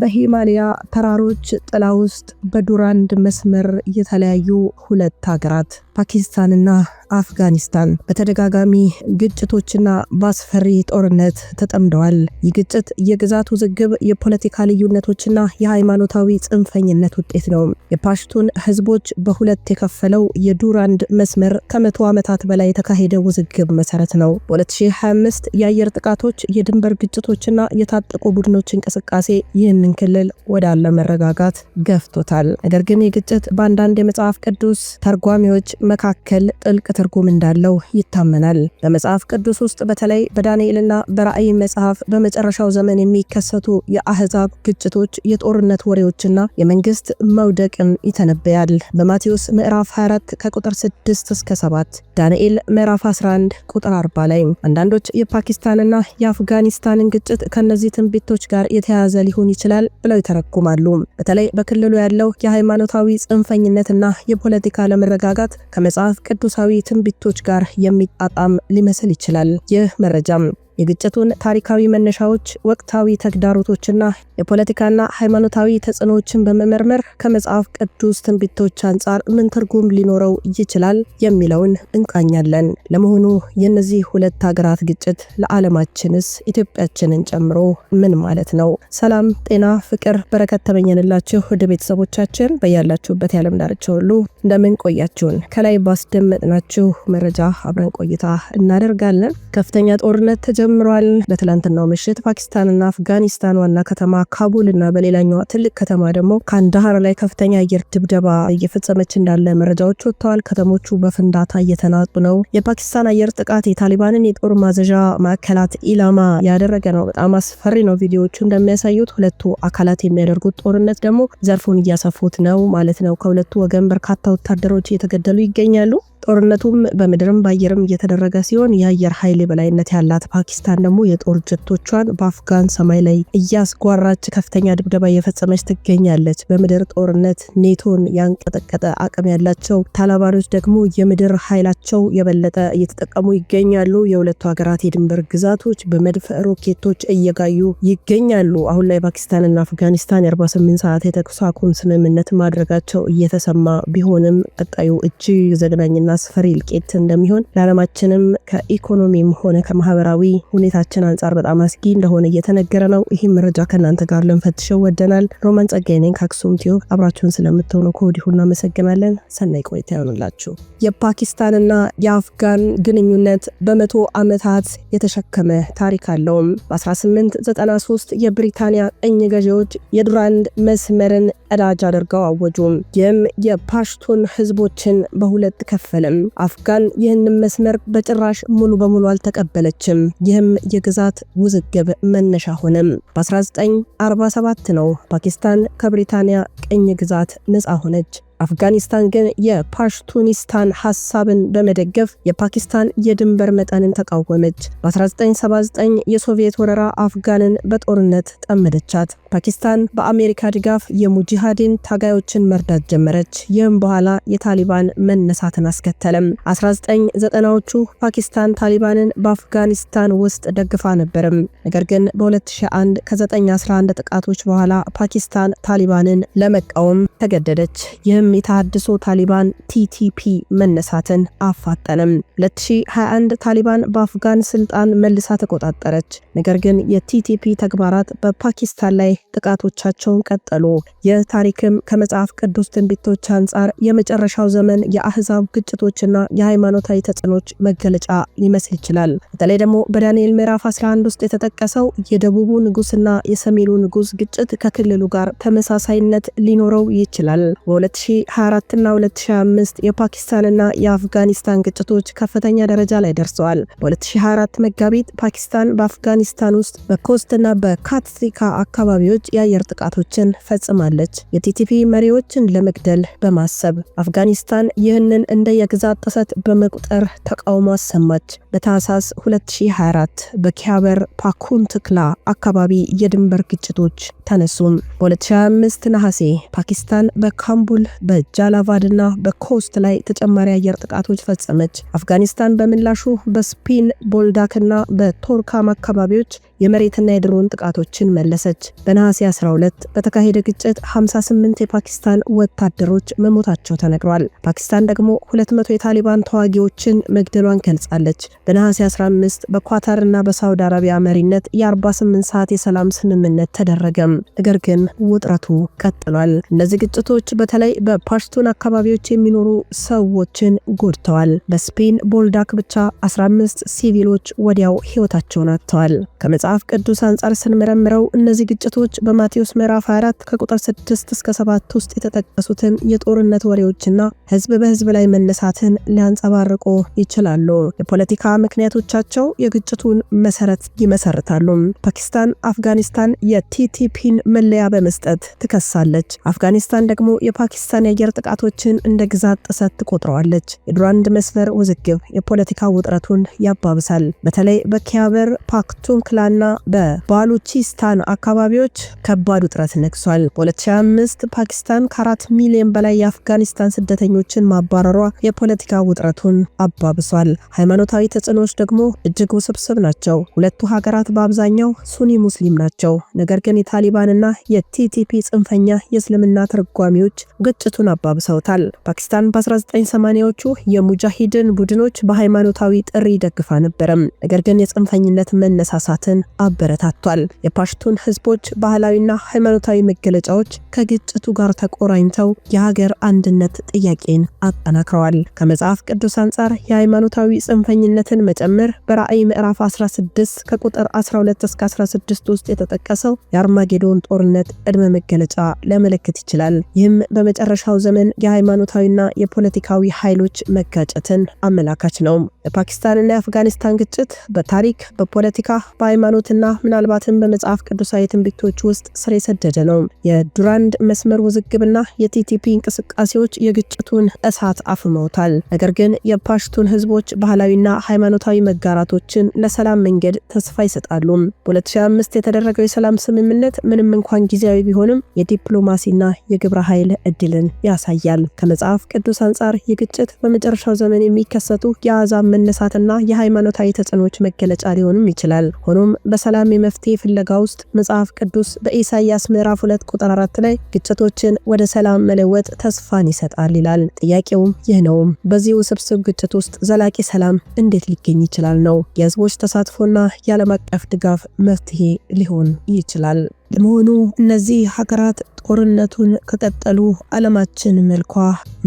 በሂማሊያ ተራሮች ጥላ ውስጥ በዱራንድ መስመር የተለያዩ ሁለት ሀገራት ፓኪስታንና አፍጋኒስታን በተደጋጋሚ ግጭቶችና በአስፈሪ ጦርነት ተጠምደዋል። ይህ ግጭት የግዛት ውዝግብ፣ የፖለቲካ ልዩነቶችና የሃይማኖታዊ ጽንፈኝነት ውጤት ነው። የፓሽቱን ህዝቦች በሁለት የከፈለው የዱራንድ መስመር ከመቶ ዓመታት በላይ የተካሄደ ውዝግብ መሰረት ነው። በ2025 የአየር ጥቃቶች፣ የድንበር ግጭቶችና የታጠቁ ቡድኖች እንቅስቃሴ ይህንን ክልል ወዳለ መረጋጋት ገፍቶታል። ነገር ግን ይህ ግጭት በአንዳንድ የመጽሐፍ ቅዱስ ተርጓሚዎች መካከል ጥልቅ ትርጉም እንዳለው ይታመናል። በመጽሐፍ ቅዱስ ውስጥ በተለይ በዳንኤልና በራእይ መጽሐፍ በመጨረሻው ዘመን የሚከሰቱ የአህዛብ ግጭቶች፣ የጦርነት ወሬዎችና የመንግስት መውደቅን ይተነበያል። በማቴዎስ ምዕራፍ 24 ከቁጥር 6 እስከ 7፣ ዳንኤል ምዕራፍ 11 ቁጥር 40 ላይ አንዳንዶች የፓኪስታንና የአፍጋኒስታንን ግጭት ከነዚህ ትንቢቶች ጋር የተያያዘ ሊሆን ይችላል ብለው ይተረጉማሉ። በተለይ በክልሉ ያለው የሃይማኖታዊ ጽንፈኝነትና የፖለቲካ ለመረጋጋት ከመጽሐፍ ቅዱሳዊ ትንቢቶች ጋር የሚጣጣም ሊመስል ይችላል። ይህ መረጃም የግጭቱን ታሪካዊ መነሻዎች፣ ወቅታዊ ተግዳሮቶችና የፖለቲካና ሃይማኖታዊ ተጽዕኖዎችን በመመርመር ከመጽሐፍ ቅዱስ ትንቢቶች አንጻር ምን ትርጉም ሊኖረው ይችላል የሚለውን እንቃኛለን። ለመሆኑ የእነዚህ ሁለት ሀገራት ግጭት ለዓለማችንስ ኢትዮጵያችንን ጨምሮ ምን ማለት ነው? ሰላም፣ ጤና፣ ፍቅር፣ በረከት ተመኘንላችሁ ወደ ቤተሰቦቻችን በያላችሁበት የዓለም ዳርቻ ሁሉ እንደምን ቆያችሁን? ከላይ ባስደመጥናችሁ መረጃ አብረን ቆይታ እናደርጋለን። ከፍተኛ ጦርነት ተጀ ጀምሯል። በትላንትናው ምሽት ፓኪስታንና አፍጋኒስታን ዋና ከተማ ካቡል እና በሌላኛዋ ትልቅ ከተማ ደግሞ ካንዳሃር ላይ ከፍተኛ አየር ድብደባ እየፈጸመች እንዳለ መረጃዎች ወጥተዋል። ከተሞቹ በፍንዳታ እየተናጡ ነው። የፓኪስታን አየር ጥቃት የታሊባንን የጦር ማዘዣ ማዕከላት ኢላማ ያደረገ ነው። በጣም አስፈሪ ነው። ቪዲዮዎቹ እንደሚያሳዩት ሁለቱ አካላት የሚያደርጉት ጦርነት ደግሞ ዘርፉን እያሰፉት ነው ማለት ነው። ከሁለቱ ወገን በርካታ ወታደሮች እየተገደሉ ይገኛሉ። ጦርነቱም በምድርም በአየርም እየተደረገ ሲሆን የአየር ኃይል የበላይነት ያላት ፓኪስታን ደግሞ የጦር ጀቶቿን በአፍጋን ሰማይ ላይ እያስጓራች ከፍተኛ ድብደባ እየፈጸመች ትገኛለች። በምድር ጦርነት ኔቶን ያንቀጠቀጠ አቅም ያላቸው ታላባሪዎች ደግሞ የምድር ኃይላቸው የበለጠ እየተጠቀሙ ይገኛሉ። የሁለቱ ሀገራት የድንበር ግዛቶች በመድፍ ሮኬቶች እየጋዩ ይገኛሉ። አሁን ላይ ፓኪስታንና አፍጋኒስታን የ48 ሰዓት የተኩስ አቁም ስምምነት ማድረጋቸው እየተሰማ ቢሆንም ቀጣዩ እጅግ ዘግናኝና አስፈሪ እልቂት እንደሚሆን ለዓለማችንም ከኢኮኖሚም ሆነ ከማህበራዊ ሁኔታችን አንጻር በጣም አስጊ እንደሆነ እየተነገረ ነው። ይህም መረጃ ከእናንተ ጋር ልንፈትሸው ወደናል። ሮማን ጸጋዬ ነኝ ከአክሱም ቲዩብ። አብራችሁን ስለምትሆኑ ከወዲሁ እናመሰግናለን። ሰናይ ቆይታ ይሆንላችሁ። የፓኪስታንና የአፍጋን ግንኙነት በመቶ ዓመታት የተሸከመ ታሪክ አለውም። በ1893 የብሪታንያ ቅኝ ገዢዎች የዱራንድ መስመርን ቀዳጅ አድርገው አወጁ። ይህም የፓሽቱን ህዝቦችን በሁለት ከፈልም። አፍጋን ይህንን መስመር በጭራሽ ሙሉ በሙሉ አልተቀበለችም። ይህም የግዛት ውዝግብ መነሻ ሆነም። በ1947 ነው ፓኪስታን ከብሪታንያ ቅኝ ግዛት ነፃ ሆነች። አፍጋኒስታን ግን የፓሽቱኒስታን ሀሳብን በመደገፍ የፓኪስታን የድንበር መጠንን ተቃወመች። በ1979 የሶቪየት ወረራ አፍጋንን በጦርነት ጠመደቻት። ፓኪስታን በአሜሪካ ድጋፍ የሙጂሃዲን ታጋዮችን መርዳት ጀመረች። ይህም በኋላ የታሊባን መነሳትን አስከተለም። 1990ዎቹ ፓኪስታን ታሊባንን በአፍጋኒስታን ውስጥ ደግፋ ነበርም። ነገር ግን በ2001 ከ911 ጥቃቶች በኋላ ፓኪስታን ታሊባንን ለመቃወም ተገደደች። ይህም የተሃድሶ ታሊባን ቲቲፒ መነሳትን አፋጠንም። 2021 ታሊባን በአፍጋን ስልጣን መልሳ ተቆጣጠረች። ነገር ግን የቲቲፒ ተግባራት በፓኪስታን ላይ ጥቃቶቻቸውን ቀጠሉ። ይህ ታሪክም ከመጽሐፍ ቅዱስ ትንቢቶች አንጻር የመጨረሻው ዘመን የአህዛብ ግጭቶችና የሃይማኖታዊ ተጽዕኖች መገለጫ ሊመስል ይችላል። በተለይ ደግሞ በዳንኤል ምዕራፍ 11 ውስጥ የተጠቀሰው የደቡቡ ንጉስና የሰሜኑ ንጉስ ግጭት ከክልሉ ጋር ተመሳሳይነት ሊኖረው ይችላል። በ2000 2024 እና 2025 የፓኪስታንና የአፍጋኒስታን ግጭቶች ከፍተኛ ደረጃ ላይ ደርሰዋል። በ2024 መጋቢት ፓኪስታን በአፍጋኒስታን ውስጥ በኮስትና በካትሪካ አካባቢዎች የአየር ጥቃቶችን ፈጽማለች። የቲቲፒ መሪዎችን ለመግደል በማሰብ አፍጋኒስታን ይህንን እንደ የግዛት ጥሰት በመቁጠር ተቃውሞ አሰማች። በታህሳስ 2024 በኪያበር ፓኩንትክላ አካባቢ የድንበር ግጭቶች ተነሱም። በ2025 ነሐሴ ፓኪስታን በካምቡል በጃላቫድና በኮስት ላይ ተጨማሪ አየር ጥቃቶች ፈጸመች። አፍጋኒስታን በምላሹ በስፒን ቦልዳክና በቶርካም አካባቢዎች የመሬትና የድሮን ጥቃቶችን መለሰች። በነሐሴ 12 በተካሄደ ግጭት 58 የፓኪስታን ወታደሮች መሞታቸው ተነግሯል። ፓኪስታን ደግሞ 200 የታሊባን ተዋጊዎችን መግደሏን ገልጻለች። በነሐሴ 15 ና በሳውዲ አረቢያ መሪነት የ48 ሰዓት የሰላም ስምምነት ተደረገም። ነገር ግን ውጥረቱ ቀጥሏል። እነዚህ ግጭቶች በተለይ በፓሽቱን አካባቢዎች የሚኖሩ ሰዎችን ጎድተዋል። በስፔን ቦልዳክ ብቻ 15 ሲቪሎች ወዲያው ህይወታቸውን አጥተዋል። ከመጽሐፍ ቅዱስ አንጻር ስንመረምረው እነዚህ ግጭቶች በማቴዎስ ምዕራፍ 24 ከቁጥር 6 እስከ 7 ውስጥ የተጠቀሱትን የጦርነት ወሬዎችና ህዝብ በህዝብ ላይ መነሳትን ሊያንጸባርቁ ይችላሉ። የፖለቲካ ምክንያቶቻቸው የግጭቱን መሰረት ይመሰርታሉ። ፓኪስታን አፍጋኒስታን የቲቲፒን መለያ በመስጠት ትከሳለች። አፍጋኒስታን ደግሞ የፓኪስታን የአየር ጥቃቶችን እንደ ግዛት ጥሰት ትቆጥረዋለች። የዱራንድ መስፈር ውዝግብ የፖለቲካ ውጥረቱን ያባብሳል። በተለይ በኪያበር ፓክቱን ና በባሉቺስታን አካባቢዎች ከባድ ውጥረት ነግሷል። በ2025 ፓኪስታን ከአራት ሚሊዮን በላይ የአፍጋኒስታን ስደተኞችን ማባረሯ የፖለቲካ ውጥረቱን አባብሷል። ሃይማኖታዊ ተጽዕኖዎች ደግሞ እጅግ ውስብስብ ናቸው። ሁለቱ ሀገራት በአብዛኛው ሱኒ ሙስሊም ናቸው። ነገር ግን የታሊባንና የቲቲፒ ጽንፈኛ የእስልምና ተርጓሚዎች ግጭቱን አባብሰውታል። ፓኪስታን በ1980ዎቹ የሙጃሂድን ቡድኖች በሃይማኖታዊ ጥሪ ደግፋ ነበረም። ነገር ግን የጽንፈኝነት መነሳሳትን አበረታቷል። የፓሽቱን ህዝቦች ባህላዊና ሃይማኖታዊ መገለጫዎች ከግጭቱ ጋር ተቆራኝተው የሀገር አንድነት ጥያቄን አጠናክረዋል። ከመጽሐፍ ቅዱስ አንጻር የሃይማኖታዊ ጽንፈኝነትን መጨመር በራእይ ምዕራፍ 16 ከቁጥር 12 እስከ 16 ውስጥ የተጠቀሰው የአርማጌዶን ጦርነት ዕድመ መገለጫ ሊያመለክት ይችላል። ይህም በመጨረሻው ዘመን የሃይማኖታዊና የፖለቲካዊ ኃይሎች መጋጨትን አመላካች ነው። የፓኪስታንና የአፍጋኒስታን ግጭት በታሪክ በፖለቲካ በሃይማኖትና ምናልባትም በመጽሐፍ ቅዱሳዊ ትንቢቶች ውስጥ ስር የሰደደ ነው። የዱራንድ መስመር ውዝግብና የቲቲፒ እንቅስቃሴዎች የግጭቱን እሳት አፍመውታል። ነገር ግን የፓሽቱን ህዝቦች ባህላዊና ሃይማኖታዊ መጋራቶችን ለሰላም መንገድ ተስፋ ይሰጣሉ። በ2005 የተደረገው የሰላም ስምምነት ምንም እንኳን ጊዜያዊ ቢሆንም የዲፕሎማሲና የግብረ ኃይል እድልን ያሳያል። ከመጽሐፍ ቅዱስ አንጻር ይህ ግጭት በመጨረሻው ዘመን የሚከሰቱ የአዛ መነሳትና የሃይማኖታዊ ተጽዕኖዎች መገለጫ ሊሆንም ይችላል። ሆኖም በሰላም የመፍትሄ ፍለጋ ውስጥ መጽሐፍ ቅዱስ በኢሳይያስ ምዕራፍ 2 ቁጥር 4 ላይ ግጭቶችን ወደ ሰላም መለወጥ ተስፋን ይሰጣል ይላል። ጥያቄውም ይህ ነውም በዚህ ውስብስብ ግጭት ውስጥ ዘላቂ ሰላም እንዴት ሊገኝ ይችላል ነው። የህዝቦች ተሳትፎና የዓለም አቀፍ ድጋፍ መፍትሄ ሊሆን ይችላል። ለመሆኑ እነዚህ ሀገራት ጦርነቱን ከቀጠሉ አለማችን መልኳ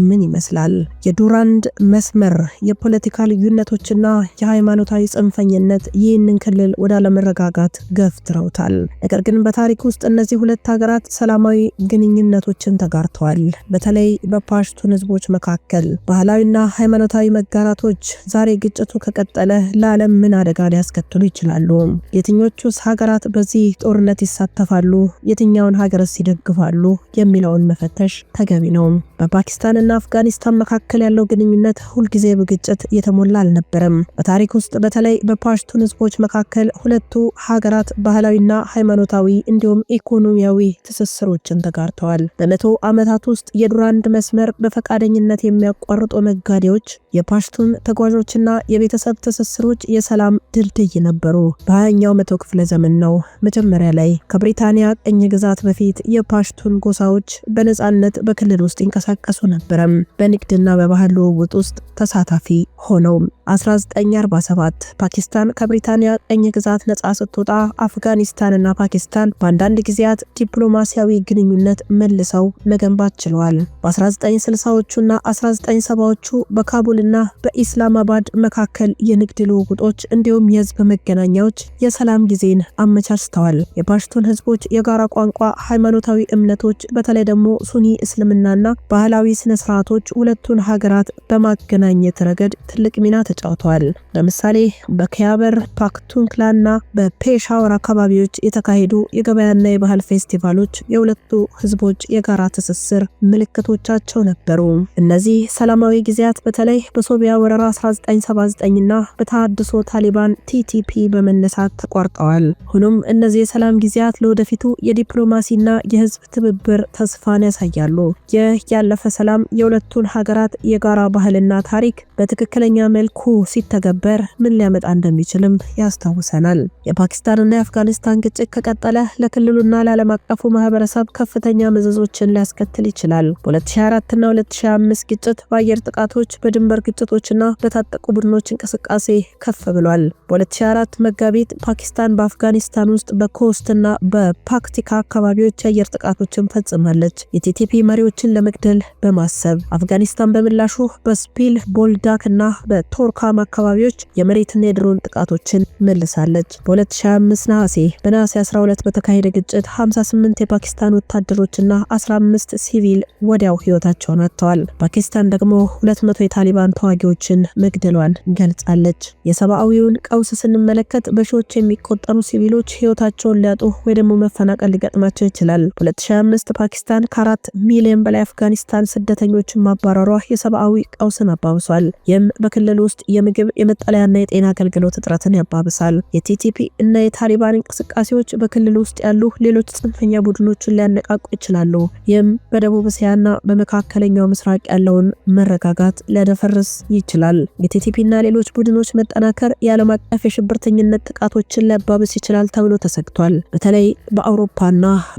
ምን ይመስላል? የዱራንድ መስመር፣ የፖለቲካ ልዩነቶችና የሃይማኖታዊ ጽንፈኝነት ይህንን ክልል ወደ አለመረጋጋት ገፍትረውታል። ነገር ግን በታሪክ ውስጥ እነዚህ ሁለት ሀገራት ሰላማዊ ግንኙነቶችን ተጋርተዋል። በተለይ በፓሽቱን ህዝቦች መካከል ባህላዊና ሃይማኖታዊ መጋራቶች ዛሬ ግጭቱ ከቀጠለ ለዓለም ምን አደጋ ሊያስከትሉ ይችላሉ? የትኞቹስ ሀገራት በዚህ ጦርነት ይሳተፋል ይደግፋሉ፣ የትኛውን ሀገርስ ይደግፋሉ የሚለውን መፈተሽ ተገቢ ነው። በፓኪስታንና አፍጋኒስታን መካከል ያለው ግንኙነት ሁልጊዜ በግጭት የተሞላ አልነበረም። በታሪክ ውስጥ በተለይ በፓሽቱን ህዝቦች መካከል ሁለቱ ሀገራት ባህላዊና ሃይማኖታዊ እንዲሁም ኢኮኖሚያዊ ትስስሮችን ተጋርተዋል። በመቶ ዓመታት ውስጥ የዱራንድ መስመር በፈቃደኝነት የሚያቋርጡ ነጋዴዎች፣ የፓሽቱን ተጓዦችና የቤተሰብ ትስስሮች የሰላም ድልድይ ነበሩ። ኛው መቶ ክፍለ ዘመን ነው መጀመሪያ ላይ ከብሪታ ከብሪታንያ ቅኝ ግዛት በፊት የፓሽቱን ጎሳዎች በነፃነት በክልል ውስጥ ይንቀሳቀሱ ነበረም። በንግድና በባህል ልውውጥ ውስጥ ተሳታፊ ሆነውም 1947 ፓኪስታን ከብሪታንያ ቀኝ ግዛት ነጻ ስትወጣ አፍጋኒስታንና ፓኪስታን በአንዳንድ ጊዜያት ዲፕሎማሲያዊ ግንኙነት መልሰው መገንባት ችለዋል። በ1960ዎቹና 1970ዎቹ በካቡልና በኢስላማባድ መካከል የንግድ ልውውጦች እንዲሁም የህዝብ መገናኛዎች የሰላም ጊዜን አመቻችተዋል። የፓሽቱን ህዝቦች የጋራ ቋንቋ፣ ሃይማኖታዊ እምነቶች በተለይ ደግሞ ሱኒ እስልምናና ባህላዊ ስነስርዓቶች ሁለቱን ሀገራት በማገናኘት ረገድ ትልቅ ሚና ተጫውተዋል። ለምሳሌ በከያበር ፓክቱንክላና በፔሻወር አካባቢዎች የተካሄዱ የገበያና የባህል ፌስቲቫሎች የሁለቱ ህዝቦች የጋራ ትስስር ምልክቶቻቸው ነበሩ። እነዚህ ሰላማዊ ጊዜያት በተለይ በሶቢያ ወረራ 1979ና በተሃድሶ ታሊባን ቲቲፒ በመነሳት ተቋርጠዋል። ሆኖም እነዚህ የሰላም ጊዜያት ለወደፊቱ የዲፕሎማሲና የህዝብ ትብብር ተስፋን ያሳያሉ። ይህ ያለፈ ሰላም የሁለቱን ሀገራት የጋራ ባህልና ታሪክ በትክክል በትክክለኛ መልኩ ሲተገበር ምን ሊያመጣ እንደሚችልም ያስታውሰናል። የፓኪስታንና የአፍጋኒስታን ግጭት ከቀጠለ ለክልሉና ለዓለም አቀፉ ማህበረሰብ ከፍተኛ መዘዞችን ሊያስከትል ይችላል። 2024 ና 2025 ግጭት በአየር ጥቃቶች፣ በድንበር ግጭቶችና በታጠቁ ቡድኖች እንቅስቃሴ ከፍ ብሏል። በ2024 መጋቢት ፓኪስታን በአፍጋኒስታን ውስጥ በኮስትና በፓክቲካ አካባቢዎች የአየር ጥቃቶችን ፈጽማለች፣ የቲቲፒ መሪዎችን ለመግደል በማሰብ አፍጋኒስታን በምላሹ በስፒል ቦልዳክ እና በቶርካም አካባቢዎች የመሬትና የድሮን ጥቃቶችን መልሳለች። በ2025 ነሐሴ በነሐሴ 12 በተካሄደ ግጭት 58 የፓኪስታን ወታደሮችና 15 ሲቪል ወዲያው ህይወታቸውን አጥተዋል። ፓኪስታን ደግሞ 200 የታሊባን ተዋጊዎችን መግደሏን ገልጻለች። የሰብአዊውን ቀውስ ስንመለከት በሺዎች የሚቆጠሩ ሲቪሎች ህይወታቸውን ሊያጡ ወይ ደግሞ መፈናቀል ሊገጥማቸው ይችላል። በ2025 ፓኪስታን ከአራት ሚሊዮን በላይ አፍጋኒስታን ስደተኞችን ማባረሯ የሰብአዊ ቀውስን አባብሷል። ይህም በክልል ውስጥ የምግብ የመጠለያና የጤና አገልግሎት እጥረትን ያባብሳል። የቲቲፒ እና የታሊባን እንቅስቃሴዎች በክልል ውስጥ ያሉ ሌሎች ጽንፈኛ ቡድኖችን ሊያነቃቁ ይችላሉ። ይህም በደቡብ እስያና በመካከለኛው ምስራቅ ያለውን መረጋጋት ሊያደፈርስ ይችላል። የቲቲፒና ሌሎች ቡድኖች መጠናከር የዓለም አቀፍ የሽብርተኝነት ጥቃቶችን ሊያባብስ ይችላል ተብሎ ተሰግቷል። በተለይ በአውሮፓና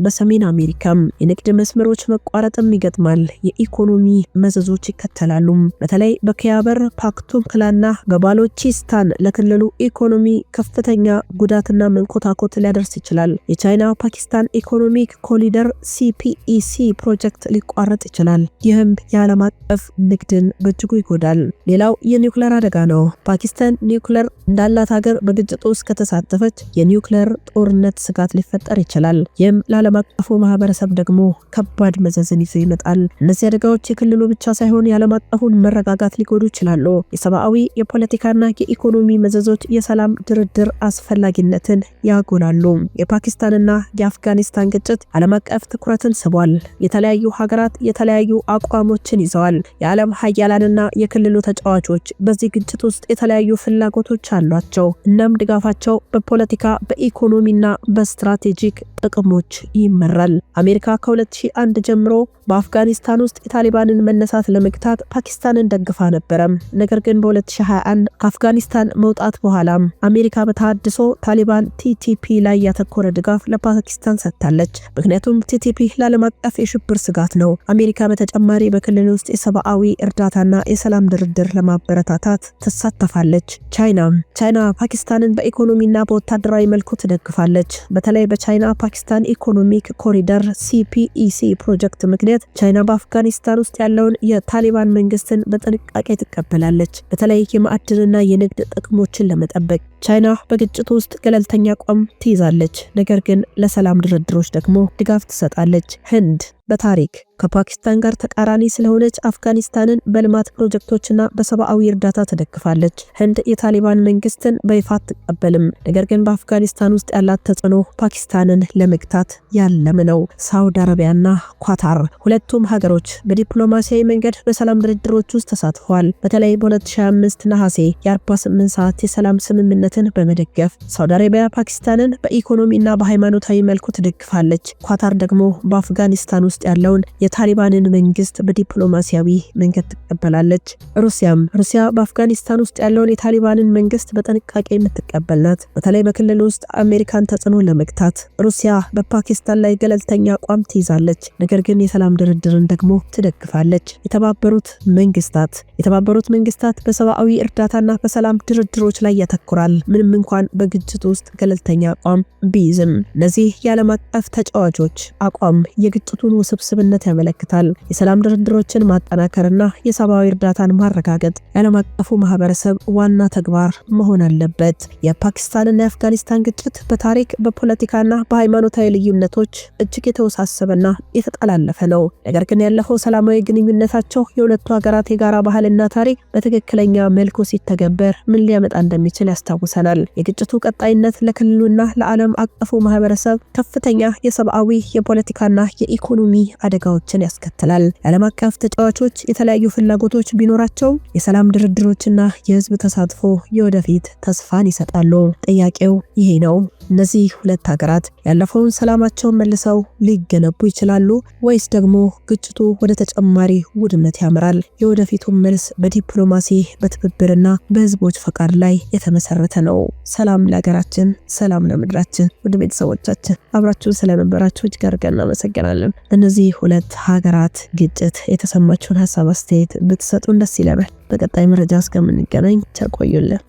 በሰሜን አሜሪካም የንግድ መስመሮች መቋረጥም ይገጥማል። የኢኮኖሚ መዘዞች ይከተላሉ። በተለይ በኪያበር ካክቱም ክለና በባሎቺስታን ለክልሉ ኢኮኖሚ ከፍተኛ ጉዳትና መንኮታኮት ሊያደርስ ይችላል። የቻይና ፓኪስታን ኢኮኖሚክ ኮሊደር ሲፒኢሲ ፕሮጀክት ሊቋረጥ ይችላል። ይህም የዓለም አቀፍ ንግድን በእጅጉ ይጎዳል። ሌላው የኒውክለር አደጋ ነው። ፓኪስታን ኒውክለር እንዳላት ሀገር በግጭቱ ውስጥ ከተሳተፈች የኒውክለር ጦርነት ስጋት ሊፈጠር ይችላል። ይህም ለዓለም አቀፉ ማህበረሰብ ደግሞ ከባድ መዘዝን ይዞ ይመጣል። እነዚህ አደጋዎች የክልሉ ብቻ ሳይሆን የዓለም አቀፉን መረጋጋት ሊጎዱ ይችላሉ። የሰብአዊ የፖለቲካና የኢኮኖሚ መዘዞች የሰላም ድርድር አስፈላጊነትን ያጎላሉ። የፓኪስታንና የአፍጋኒስታን ግጭት ዓለም አቀፍ ትኩረትን ስቧል። የተለያዩ ሀገራት የተለያዩ አቋሞችን ይዘዋል። የዓለም ሀያላንና የክልሉ ተጫዋቾች በዚህ ግጭት ውስጥ የተለያዩ ፍላጎቶች አሏቸው። እናም ድጋፋቸው በፖለቲካ በኢኮኖሚና በስትራቴጂክ ጥቅሞች ይመራል። አሜሪካ ከ2001 ጀምሮ በአፍጋኒስታን ውስጥ የታሊባንን መነሳት ለመግታት ፓኪስታንን ደግፋ ነበረም። ነገር ግን በ2021 ከአፍጋኒስታን መውጣት በኋላም አሜሪካ በተሃድሶ ታሊባን ቲቲፒ ላይ ያተኮረ ድጋፍ ለፓኪስታን ሰጥታለች። ምክንያቱም ቲቲፒ ለዓለም አቀፍ የሽብር ስጋት ነው። አሜሪካ በተጨማሪ በክልል ውስጥ የሰብአዊ እርዳታና የሰላም ድርድር ለማበረታታት ትሳተፋለች። ቻይና ቻይና ፓኪስታንን በኢኮኖሚና በወታደራዊ መልኩ ትደግፋለች። በተለይ በቻይና ፓኪስታን ኢኮኖሚክ ኮሪደር ሲፒኢሲ ፕሮጀክት ምክንያት በማየት ቻይና በአፍጋኒስታን ውስጥ ያለውን የታሊባን መንግስትን በጥንቃቄ ትቀበላለች፣ በተለይ የማዕድንና የንግድ ጥቅሞችን ለመጠበቅ። ቻይና በግጭቱ ውስጥ ገለልተኛ አቋም ትይዛለች፣ ነገር ግን ለሰላም ድርድሮች ደግሞ ድጋፍ ትሰጣለች። ህንድ በታሪክ ከፓኪስታን ጋር ተቃራኒ ስለሆነች አፍጋኒስታንን በልማት ፕሮጀክቶችና በሰብአዊ እርዳታ ትደግፋለች። ህንድ የታሊባን መንግስትን በይፋ አትቀበልም፣ ነገር ግን በአፍጋኒስታን ውስጥ ያላት ተጽዕኖ ፓኪስታንን ለመግታት ያለም ነው። ሳውዲ አረቢያና ኳታር ሁለቱም ሀገሮች በዲፕሎማሲያዊ መንገድ በሰላም ድርድሮች ውስጥ ተሳትፈዋል። በተለይ በ2025 ነሐሴ የ48 ሰዓት የሰላም ስምምነትን በመደገፍ ሳውዲ አረቢያ ፓኪስታንን በኢኮኖሚና በሃይማኖታዊ መልኩ ትደግፋለች። ኳታር ደግሞ በአፍጋኒስታን ውስጥ ውስጥ ያለውን የታሊባንን መንግስት በዲፕሎማሲያዊ መንገድ ትቀበላለች። ሩሲያም ሩሲያ በአፍጋኒስታን ውስጥ ያለውን የታሊባንን መንግስት በጥንቃቄ የምትቀበል ናት። በተለይ በክልል ውስጥ አሜሪካን ተጽዕኖ ለመግታት ሩሲያ በፓኪስታን ላይ ገለልተኛ አቋም ትይዛለች። ነገር ግን የሰላም ድርድርን ደግሞ ትደግፋለች። የተባበሩት መንግስታት የተባበሩት መንግስታት በሰብአዊ እርዳታና በሰላም ድርድሮች ላይ ያተኩራል፣ ምንም እንኳን በግጭት ውስጥ ገለልተኛ አቋም ቢይዝም። እነዚህ የዓለም አቀፍ ተጫዋቾች አቋም የግጭቱን ውስብስብነት ያመለክታል። የሰላም ድርድሮችን ማጠናከርና የሰብአዊ እርዳታን ማረጋገጥ የዓለም አቀፉ ማህበረሰብ ዋና ተግባር መሆን አለበት። የፓኪስታንና የአፍጋኒስታን ግጭት በታሪክ በፖለቲካና በሃይማኖታዊ ልዩነቶች እጅግ የተወሳሰበና የተጠላለፈ ነው። ነገር ግን ያለፈው ሰላማዊ ግንኙነታቸው የሁለቱ ሀገራት የጋራ ባህልና ታሪክ በትክክለኛ መልኩ ሲተገበር ምን ሊያመጣ እንደሚችል ያስታውሰናል። የግጭቱ ቀጣይነት ለክልሉና ለዓለም አቀፉ ማህበረሰብ ከፍተኛ የሰብአዊ የፖለቲካና የኢኮኖሚ ተደጋጋሚ አደጋዎችን ያስከትላል። የዓለም አቀፍ ተጫዋቾች የተለያዩ ፍላጎቶች ቢኖራቸው የሰላም ድርድሮችና የህዝብ ተሳትፎ የወደፊት ተስፋን ይሰጣሉ። ጥያቄው ይሄ ነው። እነዚህ ሁለት ሀገራት ያለፈውን ሰላማቸውን መልሰው ሊገነቡ ይችላሉ ወይስ ደግሞ ግጭቱ ወደ ተጨማሪ ውድመት ያምራል? የወደፊቱ መልስ በዲፕሎማሲ በትብብርና በህዝቦች ፈቃድ ላይ የተመሰረተ ነው። ሰላም ለሀገራችን፣ ሰላም ለምድራችን። ውድ ቤተሰቦቻችን አብራችሁን ስለነበራችሁ እጅግ አድርገን እናመሰግናለን። በእነዚህ ሁለት ሀገራት ግጭት የተሰማችሁን ሀሳብ አስተያየት ብትሰጡን ደስ ይለናል። በቀጣይ መረጃ እስከምንገናኝ ተቆዩልን።